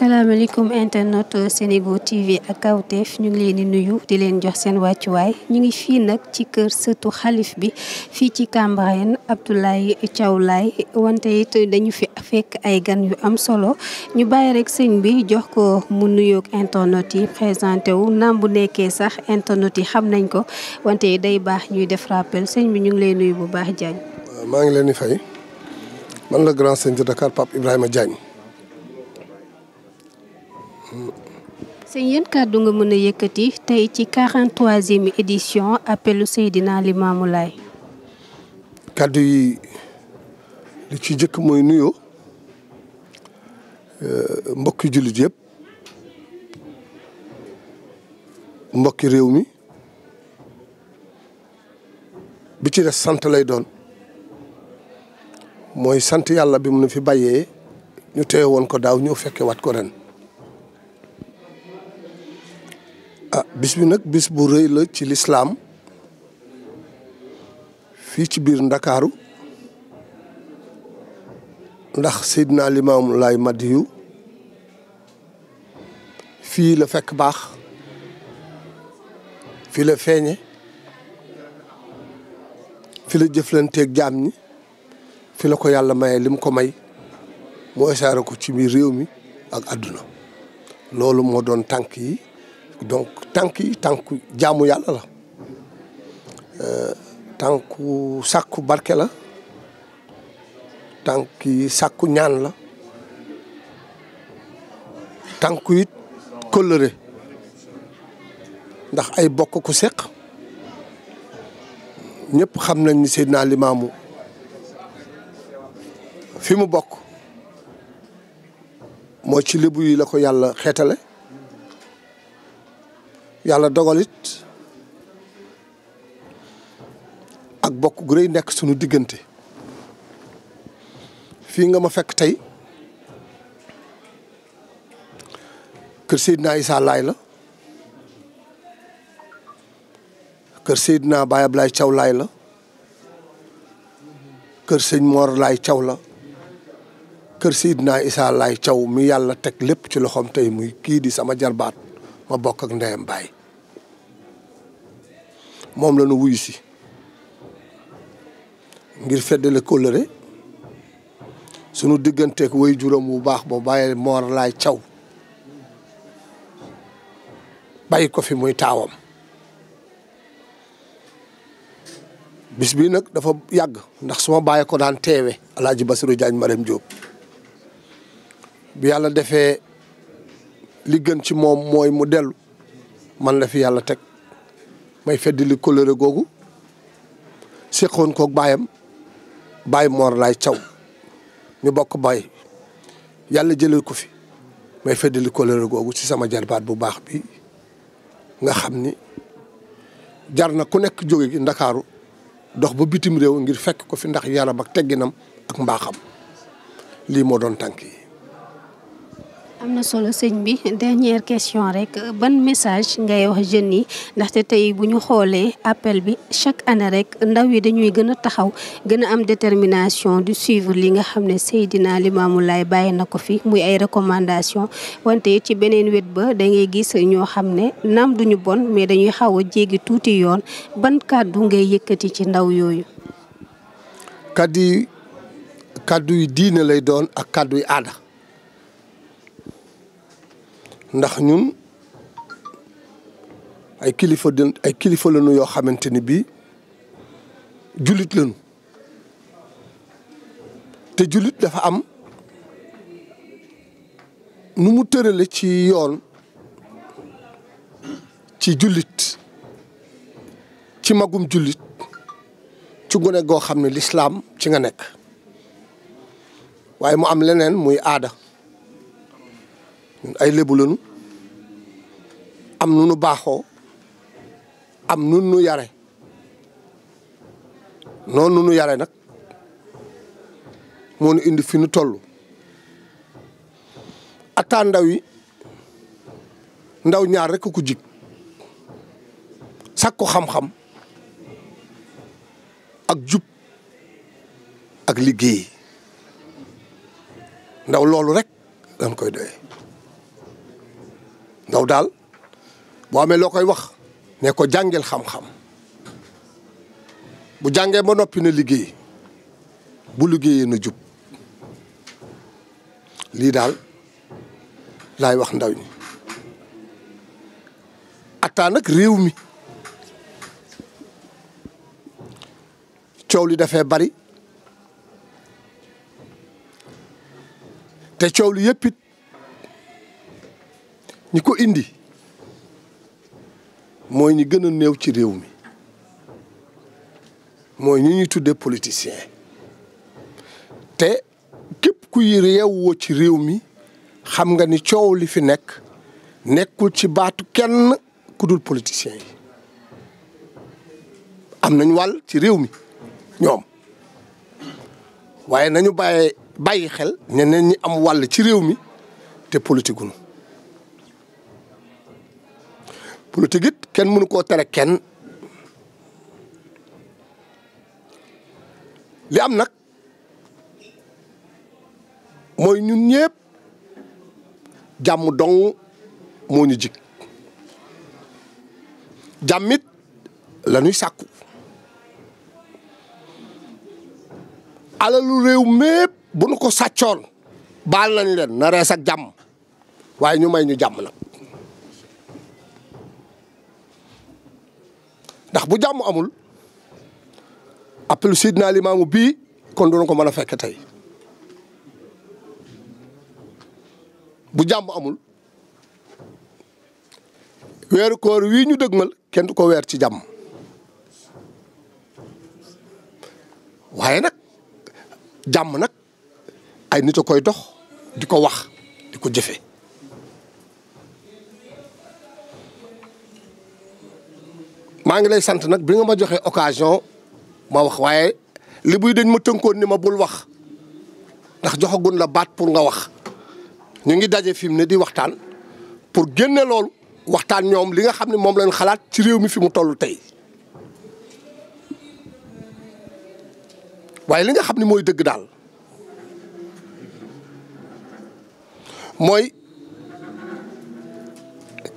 salaamaaleykum internet Senego TV ak Kawtef ñu ngi leen di nuyu di leen jox seen wàccuwaay ñu ngi fii nag ci kër sëtu xalif bi fii ci Cambérène Abdoulaye cawlaay wante it dañu fi fekk ay gan yu am solo ñu bàyyi rekk sëñ bi jox ko mu nuyoog internet yi présenté wu naam bu nekkee sax internet yi xam nañ ko wante day baax ñuy def rappel sëñ bi ñu ngi lay nuyu bu baax Diagne. maa ngi leen di fay man la grand sëñ de Dakar Pape Ibrahima Diagne. sëñ yéen kàddu nga mën a yëkkati tey ci 43e édision appelu Seydina Limamou Laye. kàddu yi li ci jëkk mooy nuyoo euh, mbokki jullit yëpp mbokki réew mi bi ci des sant lay doon mooy sant yàlla bi mu nu fi bàyyee ñu woon ko daaw ñëw fekke wat ko ren. bis bi nag bis bu rëy la ci lislaam fii ci biir ndakaaru ndax Seydina Limaamu Laay Madiyu fii la fekk baax fii la feeñe fi la jëflanteeg jaam ñi fi la ko yàlla maye lim ko may mu esaare ko ci biir réew mi ak àdduna loolu moo doon tànk yi donc tànk yi tànku jaamu yàlla la euh, tànku sàkku barke la tànk yi sàkku ñaan la tànku it kóllëre ndax ay bokk ku seq ñëpp xam nañ ni Seydina Limaamu fi mu bokk moo ci lébu yi la ko yàlla xeetale yàlla dogalit ak bokk gu rëy nekk sunu diggante fii nga ma fekk tey kër Seydina Issa Laay la kër Seydina Baye Ablaye Thiaw Laay la kër sëñ Mor Laay Thiaw la kër Seydina Issa Laay caw mi yàlla teg lépp ci loxoom tey muy kii di sama jarbaat ma bokk ak ndeyam baay moom la ñu wuyu si ngir feddale kóllëre sunu digganteeg way juróom wu baax ba bàyyi moor laay caw bàyyi ko fi muy taawam bis bii nag dafa yàgg ndax suma bàyyi ko daan teewe alaaji Basiru Jaañ Marème Jóob bi yàlla defee li gën ci moom mooy mu dellu man la fi yàlla teg may feddali kóllëre googu séqoon koog baayam baay Mor laay caw ñu bokk baay yàlla jële ko fi may feddali kóllëre googu ci sama jarbaat bu baax bi nga xam ni jar na ku nekk jóge gi ndakaaru dox ba bitim réew ngir fekk ko fi ndax yaram ak tegginam ak mbaaxam lii moo doon tànk yi am na solo sëñ bi dernière question rek ban message ngay wax jeunes yi ndaxte tey bu ñu xoolee appel bi chaque année rek ndaw yi dañuy gën a taxaw gën a am détermination du suivre li nga xam ne Seydina Limaamu Laay bàyyi na ko fi muy ay recommandation wante ci beneen wet ba da gis ñoo xam ne naam duñu bon mais dañuy xaw a jéggi tuuti yoon ban kàddu ngay yëkkati ci ndaw yooyu. kàddu yi kàddu diine lay doon ak kàddu yi aada. ndax ñun ay kilifa ay kilifa lañu yoo xamante ni bii jullit lañu te jullit dafa am nu mu tërale ci yoon ci jullit ci magum jullit ci gone goo xam ne lislaam ci nga nekk waaye mu am leneen muy aada ay lébu am nu baaxoo am nun yare noonu nu yare nag moo nu indi fi nu toll ataa ndaw ndaw ñaar rekk ku jig sàkku xam-xam ak jub ak liggéey ndaw loolu rekk dañ koy doyee ndaw daal boo amee loo koy wax ne ko jàngeel xam-xam bu jàngee ba noppi na liggéey bu liggéeyee na jub lii daal laay wax ndaw ñi attaa réew mi coow li dafa bari te coow li yëpp ñi ko indi mooy ñi gën a néew ci réew mi mooy ñu ñuy tuddee politicien te képp kuy yeewoo ci réew mi xam nga ni coow li fi nekk nekkul ci baatu kenn ku dul politicien yi am nañ wal ci réew mi ñoom waaye nañu bàyyi xel ñeneen ñi am wàll ci réew mi te politique gu politique it kenn mënu koo tere kenn li am nag mooy ñun ñëpp jàmm dong moo ñu jig jàmmit la ñuy sàkku alalu réew mépp bu nu ko sàccoon baal nañ leen na rees ak jàmm waaye ñu may ñu jàmm nag ndax bu jàmm amul appelu Seydina Limaamu bii kon doon ko mën a fekke tey bu jàmm amul weeru koor wii ñu dëgmal kenn du ko weer ci jàmm waaye nag jàmm nag ay nit a koy dox di ko wax di ko jëfe maa ngi lay sant nag bi nga ma joxee occasion ma wax waaye li buy dañ ma tënkoon ni ma bul wax ndax joxagun la baat pour nga wax ñu ngi daje fi mu ne di waxtaan pour génne loolu waxtaan ñoom li nga xam ne moom lañ xalaat ci réew mi fi mu tollu tey waaye li nga xam ni mooy dëgg daal mooy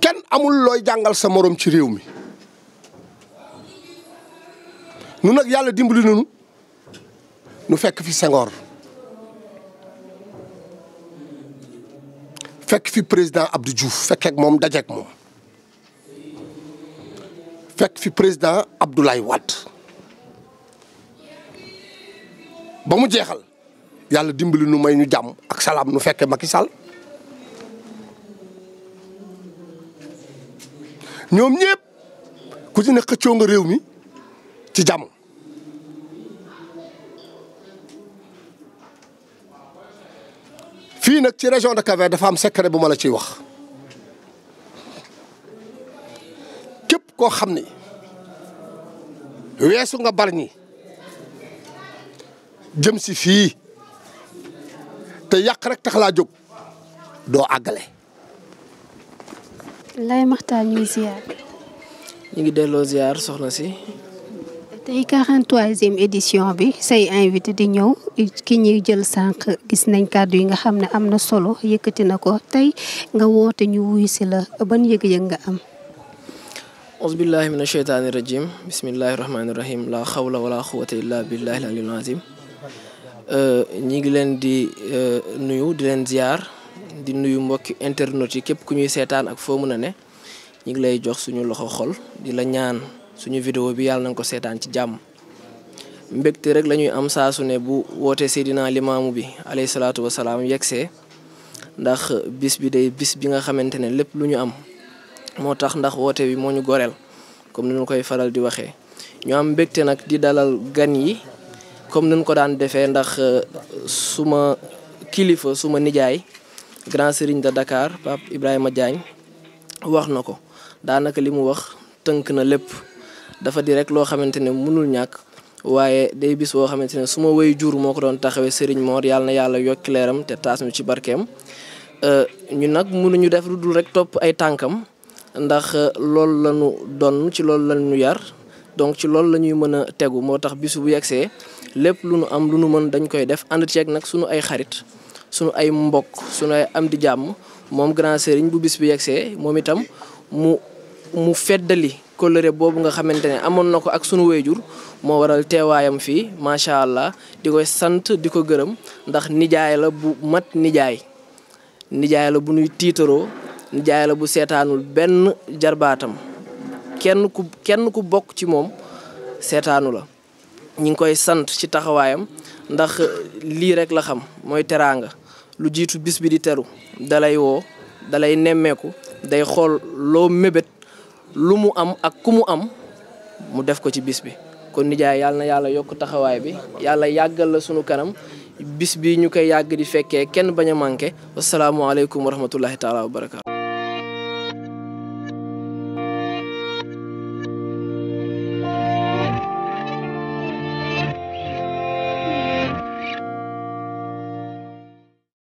kenn amul looy jàngal sa moroom ci réew mi nu nag yàlla dimbali nunu nu fekk fi Senghor fekk fi président Abdou Diouf fekkeek moom dajeek moom fekk fi président Abdoulaye Wade ba mu jeexal yàlla dimbali nu may ñu jàmm ak salaam nu fekkee Macky Sall ñoom ñëpp ku ci ne xëccoo nga réew mi ci jàmm fii nag ci région de Cap-Vert dafa am secret bu ma la ciy wax képp koo xam ni weesu nga bar ñi jëm si fii te yàq rek tax laa jóg doo àggale. lay maxtaan ñuy ziar. ñu ngi delloo ziar soxna si. tey 43e édition bi say invité di ñëw ki ñuy jël sànq gis nañ kàddu yi nga xam ne am na solo yëkkati na ko tey nga woote ñu wuyu si la ban yëg-yëg nga am ausbillahi min asheytaani rajim bismillahi rahmaani rahim laa xawla wala quwata illa billahi al aliyul azim ñi ngi leen di e, nuyu di leen ziar di nuyu mbokki internet yi képp ku ñuy seetaan ak foo mën a ne ñi ngi lay jox suñu loxo xol di la ñaan suñu video bi yàlla nañ ko seetaan ci jàmm mbégte rek la ñuy am saa su ne bu woote Seydina Limaamu bi alayhi salaatu wa salaam yegsee ndax bis bi day bis bi nga xamante ne lépp lu ñu am moo tax ndax woote bi moo ñu goreel comme ni ñu koy faral di waxee ñu am mbégte nag di dalal gan yi comme ni ko daan defee ndax suma kilifa suma nijaay grand serigne de Dakar Pape Ibrahima Diagne wax na ko daanaka li mu wax tënk na lépp. dafa direk loo xamante ne mënul ñàkk waaye day bis woo xamante ne su ma way jur moo ko doon taxawee Serigne Mor yàlla na yàlla yokki leeram te taas ci barkeem euh, ñu nag mënuñu def lu dul rek topp ay tànkam ndax euh, loolu la ñu ci loolu la ñu yar donc ci loolu la ñuy mën a tegu moo tax bisu bu yegsee lépp lu nu am lu nu mën dañ koy def ànd ceeg nag sunu ay xarit su ay mbokk sunu ay am di jàmm moom grand Serigne bu bis bi yegsee moom itam mu mu feddali kóllëre boobu nga xamante ne amoon na ko ak sunu wéyjur moo waral teewaayam fii macha allah di koy sant di ko gërëm ndax nijaay la bu mat nijaay nijaay la bu nuy tiitaroo nijaay la bu seetaanul benn jarbaatam kenn ku bokk ci moom seetaanu la ñu ngi koy sant ci taxawaayam ndax lii rek la xam mooy teraanga lu jiitu bis bi di teru dalay woo dalay nemmeeku day xool loo mébét lu mu am ak ku mu am mu def ko ci bis bi kon nijaay yàlla na yàlla yokk taxawaay bi yàlla yàggal la sunu kanam bis bi ñu koy yàgg di fekkee kenn bañ a manqué wasalaamualeykum wa rahmatullahi taala wa barakaatu